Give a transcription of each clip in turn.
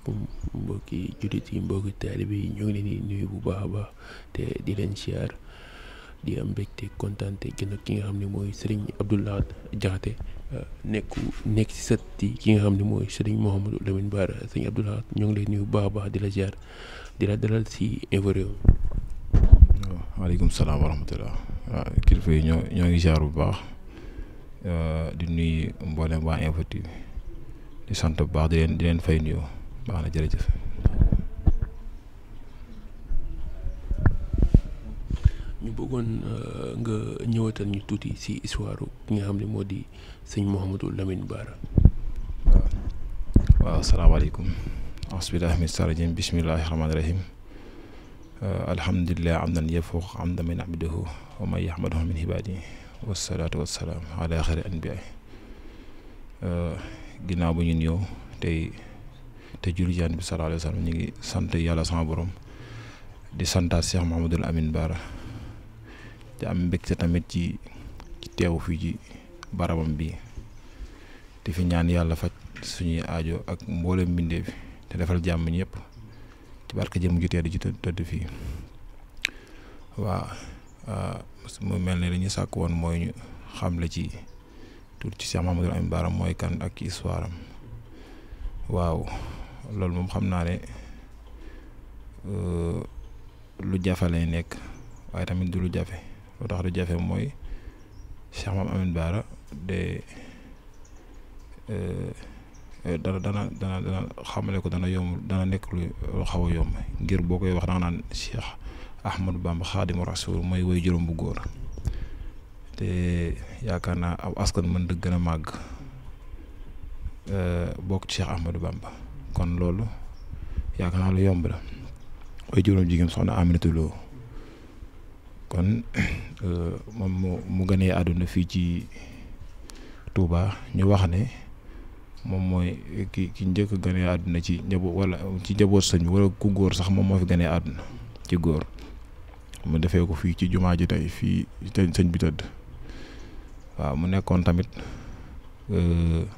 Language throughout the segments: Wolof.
asalaamaaleykum mbokki jullit yi mbokki taalibe yi ñu ngi leen di nuyu bu baax a baax te di leen siyaar di am mbégte kontaan te gën ki nga xam ne mooy sëriñ Abdou Lahad Diakhaté euh, nekk nekk si sët ki nga xam ne mooy sëriñ Mouhamadou Lamine Bara sëriñ Abdou ngi leen nuyu bu baax a di la siyaar di la dalal si Infos Rewmi. waaw salaam wa rahmatulah waaw kilifa yi ñoo ñoo ngi siyaar bu baax euh, di nuyu mboolem waa Infos di sant bu baax di leen di leen fay nuyoo. baax na jërëjëf. ñu bëggoon euh, nga ñëwatal ñu tuuti ci histoire ki nga xam ne moo di sëñ Mouhamadou Lamine Bara. waaw waaw asalaamaaleykum. asbilah min sarajim bismillahi rahmaani rahim. Euh, alhamdulilah am nan yafuq am na min anbiyaay euh, ginnaaw bu ñu ñëw tey. te julli jaan bi sallallahu alayhi wa sallam ñu ngi sant yàlla sama borom di santaat Cheikh Mouhamadul amin Bara te am mbégte tamit ci ci teew fii ci barabam bi di fi ñaan yàlla faj suñuy aajo ak mboolem mbindee bi te defal jàmm ñëpp ci barke jëm ju ji tëdd fii waaw mu mel ne li ñu sàkk woon mooy ñu xamle ci tuut ci Cheikh Mouhamadul Amine Bara mooy kan ak histoire waaw loolu moom xam naa ne euh, lu jafe lay nekk waaye tamit du jafe lu tax lu jafe mooy Cheikh Mame Amine Bara de euh, dana dana xamale ko dana yomb dana nekk lu xaw a yomb ngir boo koy wax da nga naan Cheikh Ahmadou Bamba Xaadimu Rasuul mooy woy juróom bu góor te yaakaar naa aw askan mën dëgg gën a màgg euh, bokk Cheikh Ahmadou Bamba kon loolu yaakaar naa lu yomb la way juróom jigéen soxna Aminata Lo kon euh, moom mu mu gënee àdduna fii ci Touba ñu wax ne moom mooy ki ki njëkk gënee àdduna ci njaboot wala ci njaboot sëñ bi wala ku góor sax moom moo fi ganee àdduna ci góor mu defee ko fii ci jumaa ji tey fii te sëñ bi tëdd waaw mu nekkoon tamit euh,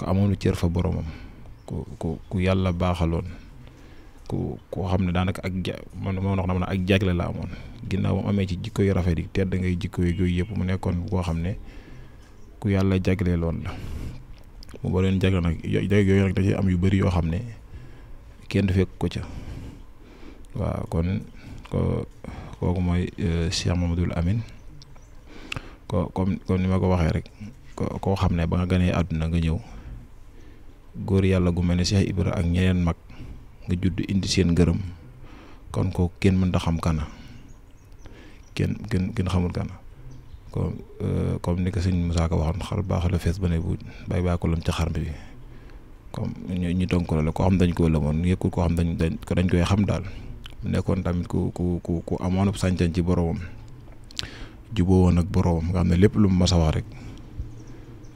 ko amoon lu cër fa boromam ku ku ku yàlla baaxaloon ku koo xam ne daanaka ak ja man ma wax na ak jagle la amoon ginnaaw mu amee ci jikko yu rafet yi tedd ngay jikko yooyu yëpp mu nekkoon koo xam ne ku yàlla jagle loon la mu ba leen jagle yooyu nag am yu bari yoo xam ne kenn du fekk ko ca waaw kon ko kooku mooy euh, Cheikh Mamadou Amine ko comme comme ni ma ko waxee rek ko koo xam ne ba nga ganee àdduna nga ñëw góor yàlla gu mel ne Cheikh Ibra ak ñeneen mag nga judd indi seen ngërëm kon ko kenn mënta xam kana kenn kenn kenn xamul kana comme euh, comme ni ko sëñ Moussa ko waxoon xal baax fees ba ne bu bay baa ko lëm bi comme ñu ñu tënk la koo xam dañ ko lëmoon yëkkul koo xam dañ dañ dañ koy xam daal mu nekkoon tamit ku ku ku ku amoon ab sàncañ ci boromam juboo woon ak boromam nga xam ne lépp lu mu mas a wax rek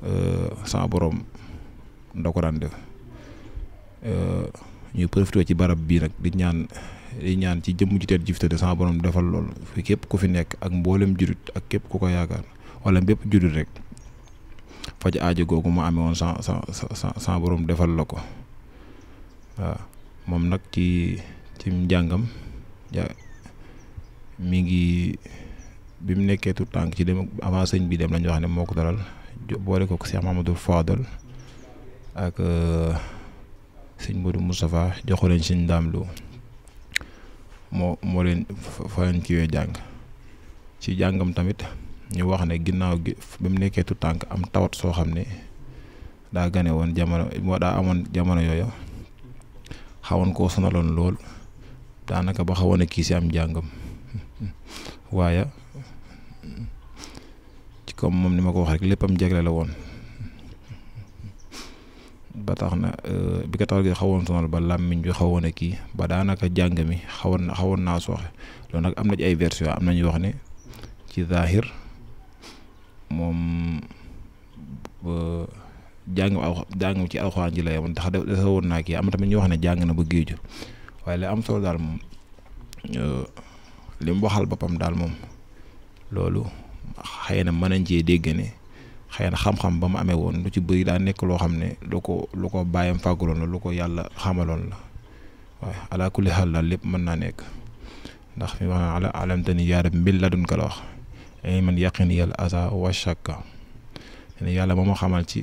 euh, sa borom. da ko daan def euh, ñuy profité ci barab bii nag di ñaan di ñaan ci jëmm ju tedd ji fi tëdd sama borom defal lool képp ku fi nekk ak mbooleem jurit ak képp ku ko yaakaar wala bépp jurit rek faj ajo googu mu amee woon sa sa sa sa borom defal la ko waaw moom nag ci ci njàngam ja mi ngi bi mu nekkee tout tànk ci dem avant sëñ bi dem lañu wax ne moo ko dalal boole ko Cheikh Mamadou Fadal ak euh, sëñ Modou Moustapha joxo leen sëñ Ndaam Lo moo moo leen fa leen kiiwee jàng ci jàngam tamit ñu wax ne ginnaaw gi ba mu nekkee tu tànk am tawat soo xam ne daa gane woon jamono moo daa amoon jamono yooyu xawoon koo sonaloon lool daanaka ba xawoon a kii si am jàngam waaye ci comme moom ni ma ko wax rek léppam jagle la woon ba tax na euh, bi ka katar gi xawoon sonal ba làmmiñ bi xawoon a kii ba daanaka jàng mi xawoon na xawoon naa sooxe loolu nag am na ci ay version am na ñuy wax ne ci zahir moom jàng aw jàng ci alxuraan ji la yemoon ndax dafa woon naa kii am tamit ñuy wax ne jàng na ba géeju waaye la am sol daal moom euh, li mu waxal boppam daal moom loolu xëy na mën nañ cee dégg ne xëy na xam-xam ba mu amee woon lu ci bëri daa nekk loo xam ne lu ko lu ko bàyyam fàggaloon la lu ko yàlla xamaloon la waaw ala kulli xaal daal lépp mën naa nekk ndax fi wax ala alamtani yaa rab la dun ka wax ay man yaqin yàlla asa wa shakka ne yàlla moo xamal ci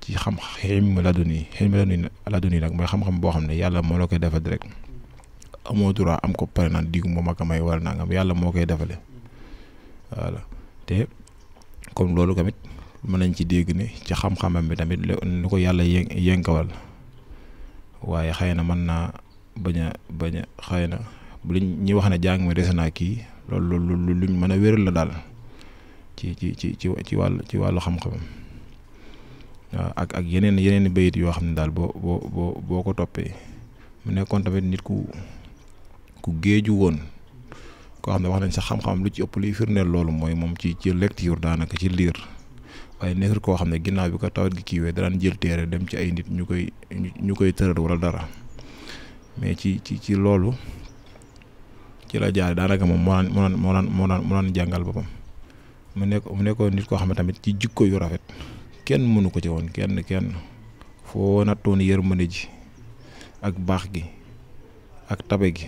ci xam xilm la dun yi xilm la dun la nag mooy xam-xam boo xam ne yàlla moo la koy defal rek amoo droit am ko pare naan moom ak may wala nangam yàlla moo koy defale te comme loolu tamit mën nañ ci dégg ni ci xam-xamam bi tamit lu ko yàlla yë yënkawal waaye xëy na mën naa bañ a bañ xëy na bu liñ wax ne jàng dese naa kii loolu mën a wéral la daal ci ci ci ci ci wàllu ci wàllu xam-xamam waaw ak ak yeneen yeneen bayit yoo xam ne daal boo boo boo ko toppee mu nekkoon tamit nit ku ku géeju woon koo xam ne wax nañ sax xam-xamam lu ci ëpp luy firnde loolu mooy moom ci ci lecture daanaka ci liir waaye nekkul koo xam ne ginnaaw bi ko tawat gi kiiwee danaan jël téere dem ci ay nit ñu koy ñu koy tëral wala dara mais ci ci ci loolu ci la jaar daanaka moom moo daan moo daan moo daan moo jàngal boppam mu nekk mu nekkoon nit koo xam ne tamit ci jikko yu rafet kenn mënu ko ci woon kenn kenn foo nattoon yërmande ji ak baax gi ak tabe gi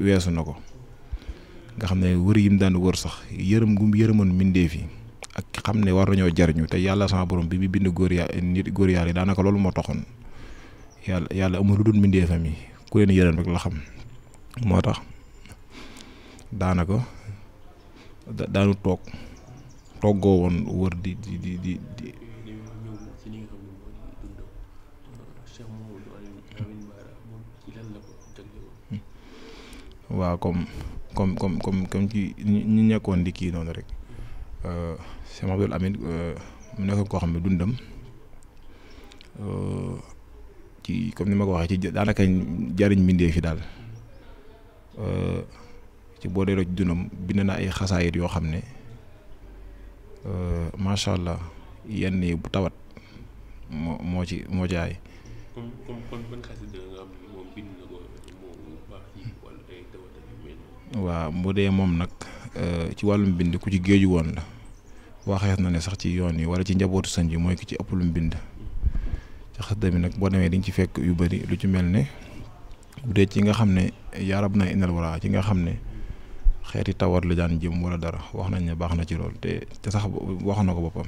weesu na ko nga xam ne wër yim daan wër sax yërëm gum yërëmoon mbindeef yi xam ne war nañoo jariñu te yàlla sama borom bi bi bind góor ya nit góor yàlla yi daanaka loolu moo taxoon yàlla yàlla amul lu dul mbindeefam yi ku leen yërëm rek la xam moo tax daanaka daanu toog toggoo woon wër di di di di di. Hmm. waaw comme comme comme comme ci ñi nekkoon di kii noonu rek. Euh, Cheikh Mouhamadoul Amine euh, mu nekk koo xam ne dundam euh, ci comme ni ma ko waxee ci daanaka jariñ mbindee fi daal ci boo delloo ci dundam bind na ay xasaayit yoo xam ne macha allah yenn yi bu tawat moo moo ci ay waaw bu dee moom nag. Euh, ci wàllu bind ku ci géeju woon la waxees na ne sax ci yoon yi wala ci njabootu sëñ bi mooy ku ci ëpp lum bind ci xasida bi nag boo demee di ci fekk yu bëri lu ci mel ne bu dee ci nga xam ne yaarab na inal wara nga xam ne xeeti tawar la daan jëm wala dara wax nañ ne baax na ci lool te te sax wax na ko boppam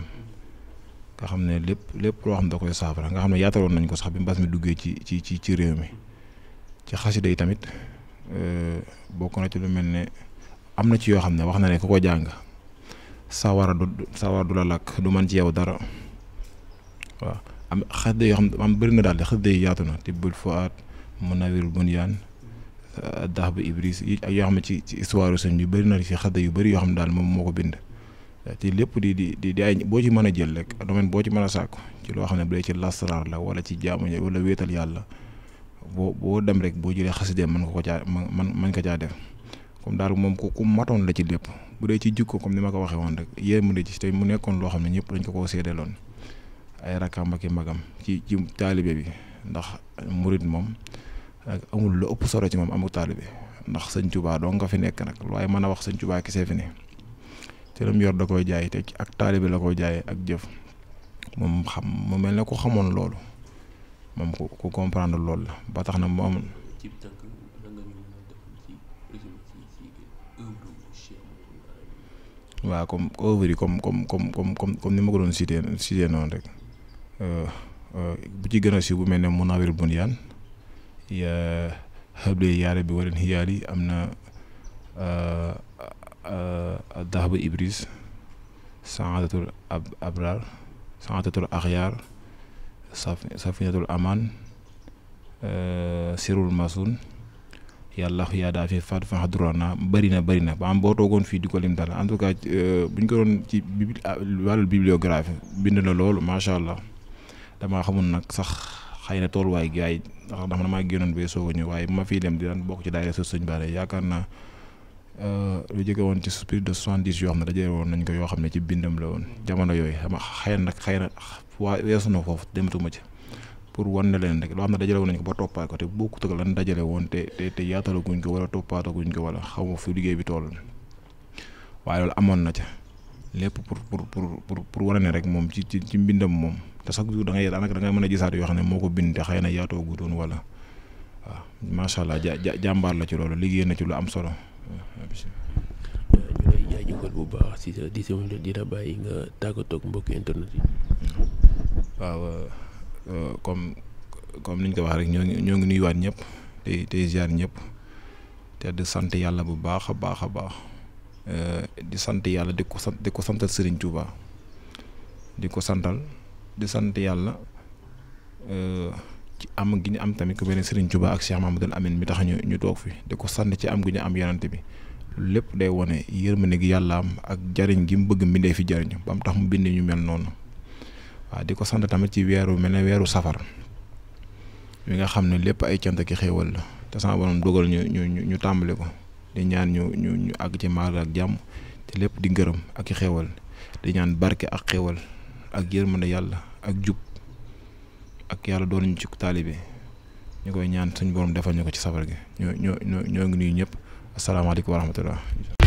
nga xam ne lépp lépp loo xam ne da koy nga xam ne yaataloon nañ ko sax bi mbas mi duggee ci ci ci ci réew mi ci xasida yi tamit euh, bokk na ci lu mel ne am na ci yoo xam ne wax na ne ku ko jàng sawara du sawara du la lakk du man ci yow dara waa am xasida yoo xam ne am bëri na daal de xasida yi yaatu na tibbul fuaat munawirul na euh, dax bu ibris yi ak yoo xam ne ci ci histoire sëñ bi bëri na ci xasida yu bari yoo xam ne daal moom moo ko bind te lépp di di di ay boo ci mën a jël rek domaine boo ci mën a sàkku ci loo xam ne bu dee ci lasraar la wala ci jaamu wala wéetal yàlla boo boo dem rek boo jëlee xasida mën ko ko caa mën mën ko caa def comme daal moom ku ku matoon la ci lépp bu dee ci jikko comme ni ma ko waxee woon rek yéen a ci tey mu nekkoon loo xam ne ñëpp dañ koo séedeeloon ay rakam ak i magam ci ci taalibe bi ndax murit moom amul lu ëpp solo ci moom amul taalibe ndax sëñ Tuubaa doo nga fi nekk nag waaye mën a wax sëñ Tuubaa kese fi ne te mu yor da koy jaay te ak taalibe la koy jaay ak jëf moom xam mu mel ne ku xamoon loolu moom ku comprendre loolu la ba tax na mu am. waaw comme œuvre yi comme comme comme comme comme ni ma ko doon cité cité noonu rek euh, euh, ci gën a mel ne Munawir Bunyan ya xëble yaare bi warin xiyaar am na euh, Dahbu Ibris Saadatul ab Abrar Saadatul Axyaar Safinatul Amaan Sirul Masun yàlla yaa fi faat fax durana bëri na bëri na ba am boo toogoon fii di ko lim dara en tout cas euh, bu ñu ko doon ci bibli ah, wàllu bibliographie bind na loolu macha allah damaa xamul nag sax xëy na tooluwaay gi waaye ndax dama maa génnoon bee soog a waaye bu ma fi dem di daan bokk ci daayira su sëñ Bara yaakaar naa euh, lu jóge woon ci spirit de soixante-dix yoo xam ne dajale woon nañ ko yoo xam ne ci bindam la woon jamono yooyu xam xëy nag xëy na waa weesu na foofu dematuma ci. pour wan ne leen rek loo xam ne dajale woon nañ ko ba toppaat ko te bokkut ak lan dajale woon te te te yaatalaguñ ko wala toppaataguñ ko wala xaw ma fu liggéey bi tool waaye loolu amoon na ca lépp pour pour pour pour wane ne rek moom ci ci ci mbindam moom te chaque jour da daanaka da ngay mën a gisaat yoo xam ne moo ko bind te xëy na yaatoogutoon wala waaw macha allah ja jàmbaar la ci loolu liggéey na ci lu am solo. ñu lay jaajëfal bu baax si sa di la bàyyi nga tàggatoo ak mbokki internet yi. waaw. Euh, comme comme niñ ko wax rek ñoo ngi ñoo ngi nuyuwaat ñëpp tey tey ziar ñëpp te di sant yàlla bu baax a baax a baax euh, di sant yàlla di ko sant di ko santal sëriñ Touba di ko santal di sante yàlla euh, ci am gi nu am tamit ku beneen Serigne Touba ak Cheikh Mamadou Amine mi tax ñu ñu toog ko sant ci am gi ñu am yonante bi lépp day wone yërmande gi yàlla am ak jariñ gi mu bëgg mbindee fi jariñ ba mu tax mu bindee ñu mel noonu. waaw di ko sant tamit ci weeru mel ne weeru safar mi nga xam ne lépp ay cant ki xéewal la te sama borom dogal ñu ñu ñu tàmbali ko di ñaan ñu ñu ñu àgg ci maag ak jàmm te lépp di ngërëm ak i xéewal di ñaan barke ak xéewal ak yërmande yàlla ak jub ak yàlla doon ñu ci taalibe ñu koy ñaan suñ borom defal ñu ko ci safar gi ñoo ñoo ñoo ngi nuyu ñëpp asalaamaaleykum wa rahmatullah